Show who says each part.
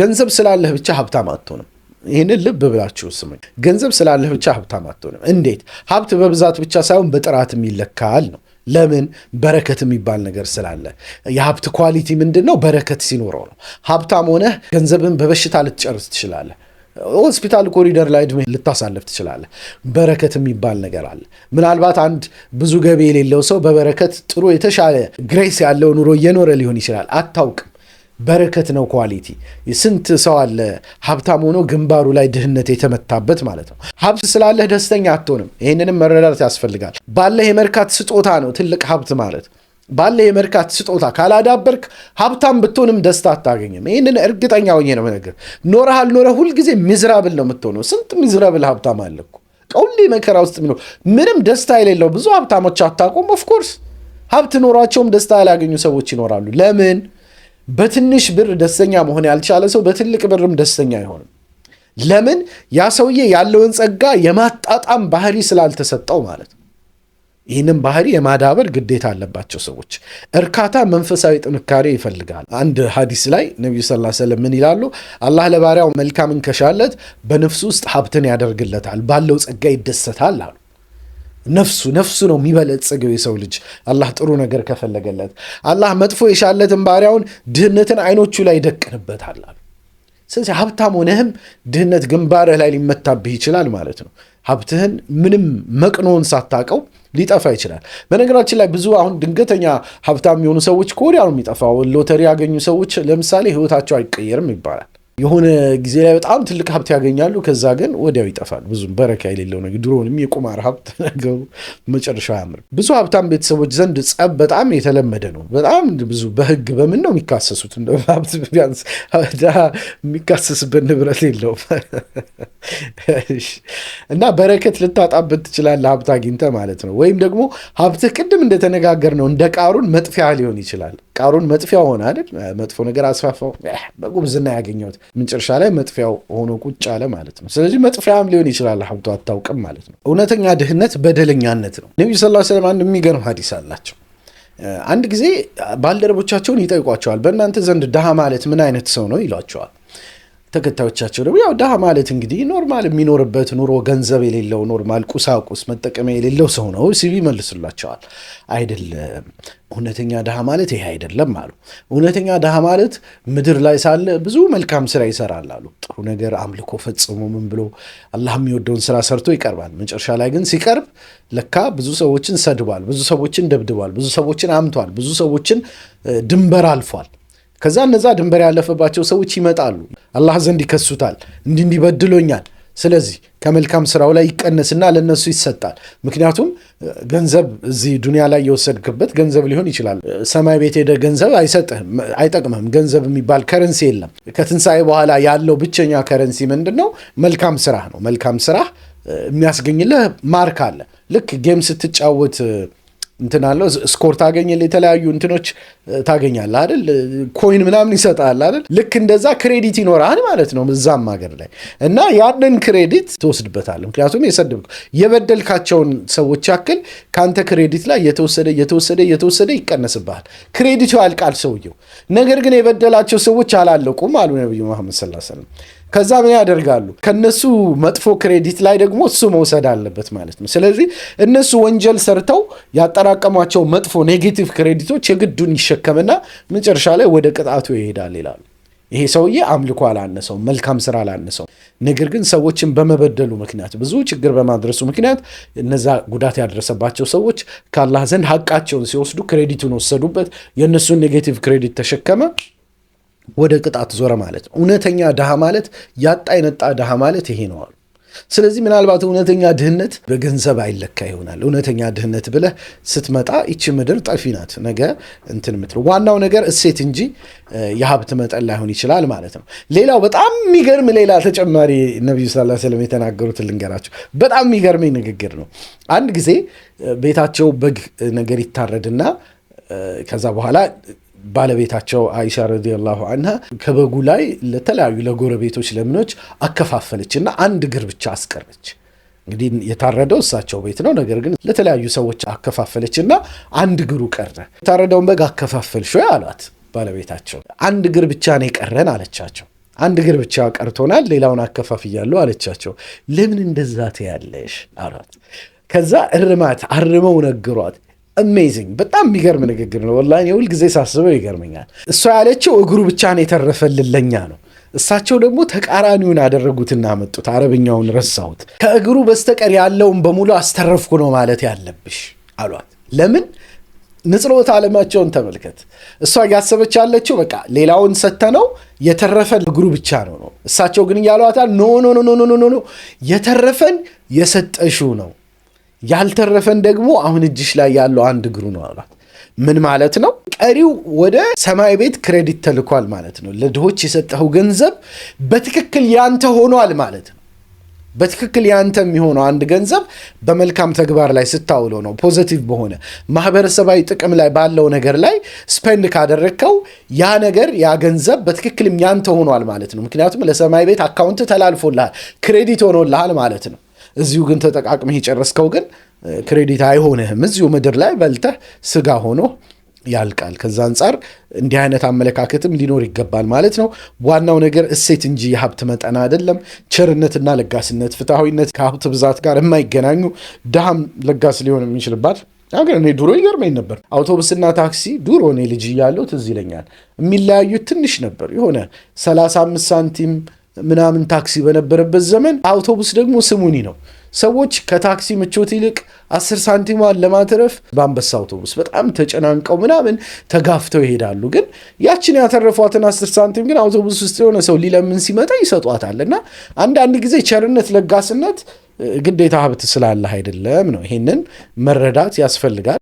Speaker 1: ገንዘብ ስላለህ ብቻ ሀብታም አትሆንም። ይህንን ልብ ብላችሁ ስሙኝ። ገንዘብ ስላለህ ብቻ ሀብታም አትሆንም። እንዴት? ሀብት በብዛት ብቻ ሳይሆን በጥራትም ይለካል ነው። ለምን? በረከት የሚባል ነገር ስላለ። የሀብት ኳሊቲ ምንድን ነው? በረከት ሲኖረው ነው። ሀብታም ሆነህ ገንዘብን በበሽታ ልትጨርስ ትችላለህ። ሆስፒታል ኮሪደር ላይ ዕድሜ ልታሳልፍ ትችላለህ። በረከት የሚባል ነገር አለ። ምናልባት አንድ ብዙ ገቢ የሌለው ሰው በበረከት ጥሩ የተሻለ ግሬስ ያለው ኑሮ እየኖረ ሊሆን ይችላል። አታውቅም በረከት ነው። ኳሊቲ ስንት ሰው አለ ሀብታም ሆኖ ግንባሩ ላይ ድህነት የተመታበት ማለት ነው። ሀብት ስላለህ ደስተኛ አትሆንም። ይህንንም መረዳት ያስፈልጋል። ባለህ የመርካት ስጦታ ነው ትልቅ ሀብት ማለት። ባለ የመርካት ስጦታ ካላዳበርክ ሀብታም ብትሆንም ደስታ አታገኝም። ይህንን እርግጠኛ ሆኜ ነው ነገር ኖረህ አልኖረህ ሁልጊዜ ሚዝራብል ነው የምትሆነው። ስንት ሚዝራብል ሀብታም አለ እኮ መከራ ውስጥ የሚኖር ምንም ደስታ የሌለው ብዙ ሀብታሞች አታውቁም። ኦፍኮርስ ሀብት ኖሯቸውም ደስታ ያላገኙ ሰዎች ይኖራሉ። ለምን? በትንሽ ብር ደስተኛ መሆን ያልቻለ ሰው በትልቅ ብርም ደስተኛ አይሆንም። ለምን? ያ ሰውዬ ያለውን ጸጋ የማጣጣም ባህሪ ስላልተሰጠው ማለት ነው። ይህንም ባህሪ የማዳበር ግዴታ አለባቸው ሰዎች። እርካታ መንፈሳዊ ጥንካሬ ይፈልጋል። አንድ ሀዲስ ላይ ነቢዩ ስ ሰለም ምን ይላሉ? አላህ ለባሪያው መልካምን ከሻለት በነፍሱ ውስጥ ሀብትን ያደርግለታል፣ ባለው ጸጋ ይደሰታል አሉ። ነፍሱ ነፍሱ ነው የሚበለጽገው የሰው ልጅ አላህ ጥሩ ነገር ከፈለገለት። አላህ መጥፎ የሻለትን ባሪያውን ድህነትን አይኖቹ ላይ ይደቅንበታል። ስለዚህ ሀብታም ሆነህም ድህነት ግንባርህ ላይ ሊመታብህ ይችላል ማለት ነው። ሀብትህን ምንም መቅኖን ሳታቀው ሊጠፋ ይችላል። በነገራችን ላይ ብዙ አሁን ድንገተኛ ሀብታም የሆኑ ሰዎች ከወዲያ ነው የሚጠፋው። ሎተሪ ያገኙ ሰዎች ለምሳሌ ህይወታቸው አይቀየርም ይባላል። የሆነ ጊዜ ላይ በጣም ትልቅ ሀብት ያገኛሉ። ከዛ ግን ወዲያው ይጠፋል። ብዙም በረካ የሌለው ነገር ድሮንም የቁማር ሀብት ነገሩ መጨረሻው አያምርም። ብዙ ሀብታም ቤተሰቦች ዘንድ ጸብ በጣም የተለመደ ነው። በጣም ብዙ በህግ በምን ነው የሚካሰሱት? ሀብት ቢያንስ የሚካሰስበት ንብረት የለውም እና በረከት ልታጣበት ትችላለህ ሀብት አግኝተህ ማለት ነው። ወይም ደግሞ ሀብትህ ቅድም እንደተነጋገር ነው እንደ ቃሩን መጥፊያ ሊሆን ይችላል። ቃሩን መጥፊያው ሆነ አይደል? መጥፎ ነገር አስፋፋው። በጉብዝና ያገኘሁት መጨረሻ ላይ መጥፊያው ሆኖ ቁጭ አለ ማለት ነው። ስለዚህ መጥፊያም ሊሆን ይችላል ሀብቶ አታውቅም ማለት ነው። እውነተኛ ድህነት በደለኛነት ነው። ነቢዩ ስ ዐለይሂ አንድ የሚገርም ሀዲስ አላቸው። አንድ ጊዜ ባልደረቦቻቸውን ይጠይቋቸዋል። በእናንተ ዘንድ ድሃ ማለት ምን አይነት ሰው ነው ይሏቸዋል። ተከታዮቻቸው ደግሞ ያው ድሃ ማለት እንግዲህ ኖርማል የሚኖርበት ኑሮ ገንዘብ የሌለው ኖርማል ቁሳቁስ መጠቀሚያ የሌለው ሰው ነው ሲሉ ይመልሱላቸዋል። አይደለም እውነተኛ ድሃ ማለት ይሄ አይደለም አሉ። እውነተኛ ድሃ ማለት ምድር ላይ ሳለ ብዙ መልካም ስራ ይሰራል አሉ። ጥሩ ነገር አምልኮ ፈጽሞ ምን ብሎ አላህ የሚወደውን ስራ ሰርቶ ይቀርባል። መጨረሻ ላይ ግን ሲቀርብ ለካ ብዙ ሰዎችን ሰድቧል፣ ብዙ ሰዎችን ደብድቧል፣ ብዙ ሰዎችን አምቷል፣ ብዙ ሰዎችን ድንበር አልፏል። ከዛ እነዛ ድንበር ያለፈባቸው ሰዎች ይመጣሉ፣ አላህ ዘንድ ይከሱታል፣ እንዲህ ስለዚህ ከመልካም ስራው ላይ ይቀነስና ለነሱ ይሰጣል። ምክንያቱም ገንዘብ እዚህ ዱንያ ላይ የወሰድክበት ገንዘብ ሊሆን ይችላል። ሰማይ ቤት ሄደ ገንዘብ አይሰጥህም፣ አይጠቅምህም። ገንዘብ የሚባል ከረንሲ የለም። ከትንሣኤ በኋላ ያለው ብቸኛ ከረንሲ ምንድን ነው? መልካም ስራህ ነው። መልካም ስራህ የሚያስገኝልህ ማርክ አለ። ልክ ጌም ስትጫወት እንትን አለው ስኮር ታገኝል የተለያዩ እንትኖች ታገኛል አይደል ኮይን ምናምን ይሰጣል አይደል ልክ እንደዛ ክሬዲት ይኖራል ማለት ነው እዛም ሀገር ላይ እና ያንን ክሬዲት ትወስድበታል ምክንያቱም የሰድብ የበደልካቸውን ሰዎች ያክል ከአንተ ክሬዲት ላይ የተወሰደ እየተወሰደ እየተወሰደ ይቀነስብሃል ክሬዲቱ ያልቃል ሰውየው ነገር ግን የበደላቸው ሰዎች አላለቁም አሉ ነቢዩ መሐመድ ሰለላሁ ዐለይሂ ወሰለም ከዛ ምን ያደርጋሉ? ከነሱ መጥፎ ክሬዲት ላይ ደግሞ እሱ መውሰድ አለበት ማለት ነው። ስለዚህ እነሱ ወንጀል ሰርተው ያጠራቀሟቸው መጥፎ ኔጌቲቭ ክሬዲቶች የግዱን ይሸከምና መጨረሻ ላይ ወደ ቅጣቱ ይሄዳል ይላሉ። ይሄ ሰውዬ አምልኮ አላነሰው፣ መልካም ስራ አላነሰው። ነገር ግን ሰዎችን በመበደሉ ምክንያት ብዙ ችግር በማድረሱ ምክንያት እነዛ ጉዳት ያደረሰባቸው ሰዎች ከአላህ ዘንድ ሀቃቸውን ሲወስዱ ክሬዲቱን ወሰዱበት፣ የእነሱን ኔጌቲቭ ክሬዲት ተሸከመ። ወደ ቅጣት ዞረ ማለት ነው። እውነተኛ ድሃ ማለት ያጣ የነጣ ድሃ ማለት ይሄ ነው አሉ። ስለዚህ ምናልባት እውነተኛ ድህነት በገንዘብ አይለካ ይሆናል። እውነተኛ ድህነት ብለህ ስትመጣ ይቺ ምድር ጠፊ ናት። ነገ እንትን ምትል ዋናው ነገር እሴት እንጂ የሀብት መጠን ላይሆን ይችላል ማለት ነው። ሌላው በጣም የሚገርም ሌላ ተጨማሪ ነቢዩ ሰለላሁ ዐለይሂ ወሰለም ልንገራቸው። በጣም የሚገርመኝ ንግግር ነው። አንድ ጊዜ ቤታቸው በግ ነገር ይታረድና ከዛ በኋላ ባለቤታቸው አይሻ ረዲየላሁ አንሃ ከበጉ ላይ ለተለያዩ ለጎረቤቶች ለምኖች አከፋፈለች እና አንድ እግር ብቻ አስቀረች። እንግዲህ የታረደው እሳቸው ቤት ነው። ነገር ግን ለተለያዩ ሰዎች አከፋፈለች እና አንድ እግሩ ቀረ። የታረደውን በግ አከፋፈልሽ ወይ አሏት ባለቤታቸው። አንድ እግር ብቻ ነው የቀረን አለቻቸው። አንድ እግር ብቻ ቀርቶናል፣ ሌላውን አከፋፍያለሁ አለቻቸው። ለምን እንደዛ ትያለሽ አሏት። ከዛ እርማት አርመው ነግሯት። አሜዚንግ በጣም የሚገርም ንግግር ነው። ወላ የሁል ጊዜ ሳስበው ይገርመኛል። እሷ ያለችው እግሩ ብቻ ነው የተረፈልን ለኛ ነው። እሳቸው ደግሞ ተቃራኒውን አደረጉትና መጡት። አረብኛውን ረሳሁት። ከእግሩ በስተቀር ያለውን በሙሉ አስተረፍኩ ነው ማለት ያለብሽ አሏት። ለምን ንጽሎት አለማቸውን ተመልከት። እሷ እያሰበች ያለችው በቃ ሌላውን ሰተነው የተረፈን እግሩ ብቻ ነው ነው። እሳቸው ግን እያሏታል ኖ ኖ ኖ ኖ ኖ የተረፈን የሰጠሽው ነው ያልተረፈን ደግሞ አሁን እጅሽ ላይ ያለው አንድ እግሩ ነው አሏት። ምን ማለት ነው? ቀሪው ወደ ሰማይ ቤት ክሬዲት ተልኳል ማለት ነው። ለድሆች የሰጠኸው ገንዘብ በትክክል ያንተ ሆኗል ማለት ነው። በትክክል ያንተ የሚሆነው አንድ ገንዘብ በመልካም ተግባር ላይ ስታውለው ነው። ፖዘቲቭ በሆነ ማህበረሰባዊ ጥቅም ላይ ባለው ነገር ላይ ስፔንድ ካደረግከው ያ ነገር ያ ገንዘብ በትክክልም ያንተ ሆኗል ማለት ነው። ምክንያቱም ለሰማይ ቤት አካውንት ተላልፎልሃል፣ ክሬዲት ሆኖልሃል ማለት ነው። እዚሁ ግን ተጠቃቅመህ የጨረስከው ግን ክሬዲት አይሆንህም። እዚሁ ምድር ላይ በልተህ ስጋ ሆኖ ያልቃል። ከዛ አንጻር እንዲህ አይነት አመለካከትም ሊኖር ይገባል ማለት ነው። ዋናው ነገር እሴት እንጂ የሀብት መጠን አይደለም። ቸርነትና ለጋስነት፣ ፍትሐዊነት ከሀብት ብዛት ጋር የማይገናኙ ድሃም ለጋስ ሊሆን የሚችልባት ሀገር እኔ ድሮ ይገርመኝ ነበር። አውቶቡስና ታክሲ ድሮ እኔ ልጅ እያለሁ ትዝ ይለኛል የሚለያዩት ትንሽ ነበር። የሆነ 35 ሳንቲም ምናምን ታክሲ በነበረበት ዘመን አውቶቡስ ደግሞ ስሙኒ ነው። ሰዎች ከታክሲ ምቾት ይልቅ አስር ሳንቲሟን ለማትረፍ በአንበሳ አውቶቡስ በጣም ተጨናንቀው ምናምን ተጋፍተው ይሄዳሉ። ግን ያችን ያተረፏትን አስር ሳንቲም ግን አውቶቡስ ውስጥ የሆነ ሰው ሊለምን ሲመጣ ይሰጧታል። እና አንዳንድ ጊዜ ቸርነት፣ ለጋስነት ግዴታ ሀብት ስላለህ አይደለም ነው። ይሄንን መረዳት ያስፈልጋል።